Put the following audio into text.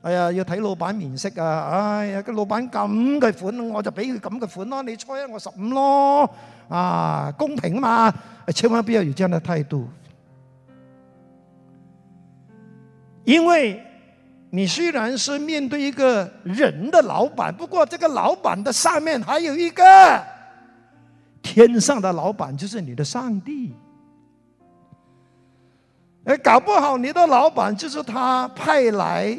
哎呀，要睇老闆面色啊！哎呀，個老闆咁嘅款，我就俾佢咁嘅款咯。你初一我十五咯，啊，公平嘛！啊，千萬不要有這樣的態度，因為你雖然是面對一個人的老闆，不過這個老闆的上面還有一個天上的老闆，就是你的上帝。誒、哎，搞不好你的老闆就是他派來。